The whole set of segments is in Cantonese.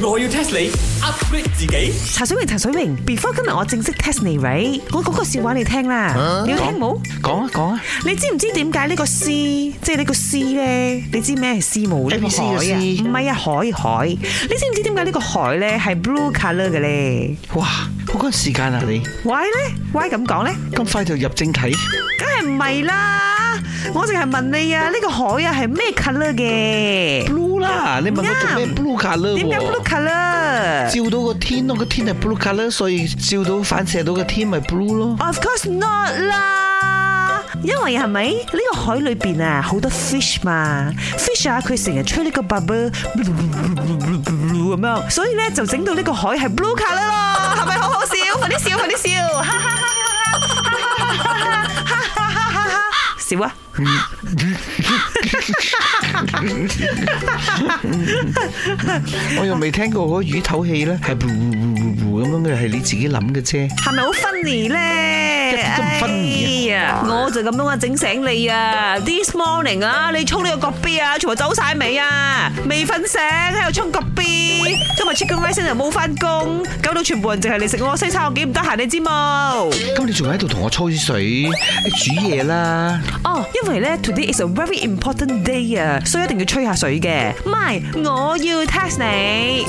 我要 test 你 upgrade 自己。陳水榮，陳水榮，before 今日我正式 test you, right? 你 Ray 我講個笑話你聽啦，uh, 你要聽冇？講啊講啊！你知唔知點解呢個 C 即係呢個 C 咧？你知咩係 C 冇咧？C 個 C 唔係啊，海海！你知唔知點解呢個海咧係 blue color 嘅咧？哇！好趕時間啊，你 Why 咧？Why 咁講咧？咁快就入正題？梗係唔係啦！我淨係問你啊，呢個海啊係咩 color 嘅？啊、你問我對做咩 blue colour 喎？點解 blue colour？照到個天咯，個天係 blue colour，所以照到反射到個天咪 blue 咯。Of course not 啦，因為係咪呢個海裏邊啊好多 fish 嘛，fish 啊佢成日吹呢個 bubble 咁 樣，所以咧就整到呢個海係 blue colour 咯，係咪好好笑？ 快啲笑，快啲笑！哈哈哈！哈哈哈！哈哈哈！哈哈哈！笑啊！ 我又未聽過嗰魚唞氣咧，係呼呼呼呼咁樣嘅，係你自己諗嘅啫，係咪好 funny？哎呀，我就咁樣啊，整醒你啊！This morning 啊，你冲呢個國標啊，全部走晒未啊？未瞓醒喺度冲國標，今日 check 咁耐先又冇翻工，搞到全部人淨係嚟食我西餐，我幾唔得閒你知冇？咁你仲喺度同我吹水煮嘢啦？哦，因為咧，Today is a very important day 啊，所以一定要吹下水嘅。唔係，我要 test 你。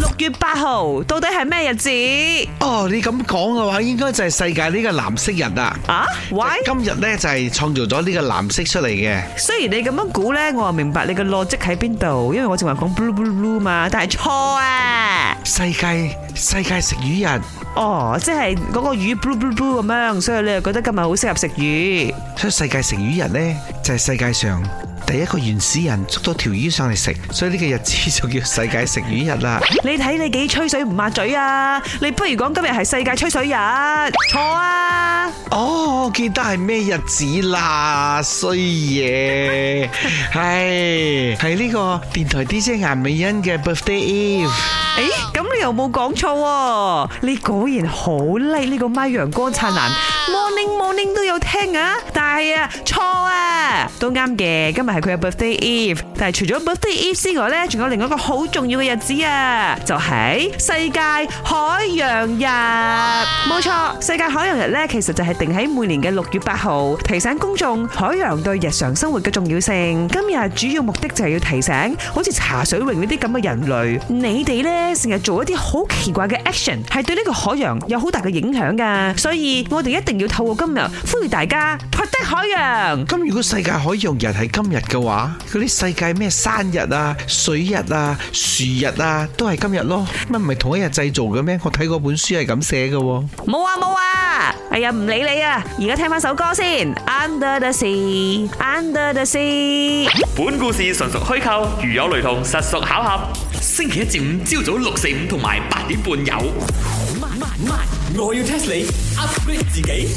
六月八號到底係咩日子？哦，你咁講嘅話，應該就係世界呢個藍色人啊！啊喂？今日呢就係創造咗呢個藍色出嚟嘅。雖然你咁樣估呢，我啊明白你個邏輯喺邊度，因為我淨係講 blue blue blue 嘛，但係錯啊！世界世界食魚人！哦，即係嗰個魚 blue blue blue 咁樣，所以你又覺得今日好適合食魚。所以世界食魚人呢，就係世界上，第一個原始人捉到條魚上嚟食，所以呢個日子就叫世界食魚日啦。你睇你幾吹水唔抹嘴啊！你不如講今日係世界吹水日，錯啊！哦，我記得係咩日子啦，衰嘢！係係呢個電台 DJ 顏美欣嘅 Birthday Eve。誒哇，咁、欸、你又冇講錯，你果然好叻。呢個咪陽光燦爛，Morning Morning 都有聽啊，但係啊錯啊，都啱嘅，今。係佢嘅 birthday eve，但係除咗 birthday eve 之外咧，仲有另外一個好重要嘅日子啊，就係世界海洋日。冇錯，世界海洋日咧，其實就係定喺每年嘅六月八號，提醒公眾海洋對日常生活嘅重要性。今日主要目的就係要提醒，好似茶水泳呢啲咁嘅人類，你哋咧成日做一啲好奇怪嘅 action，係對呢個海洋有好大嘅影響噶。所以我哋一定要透過今日呼籲大家 protect 海洋。咁如果世界海洋日係今日嘅話，嗰啲世界咩生日啊、水日啊、樹日啊，都係今日咯。乜唔係同一日製造嘅咩？我睇過本書係咁寫嘅。冇啊冇啊！哎呀，唔理你啊！而家聽翻首歌先。Under the sea，Under the sea。本故事純屬虛構，如有雷同，實屬巧合。星期一至五朝早六四五同埋八點半有。我要 test 你 upgrade 自己。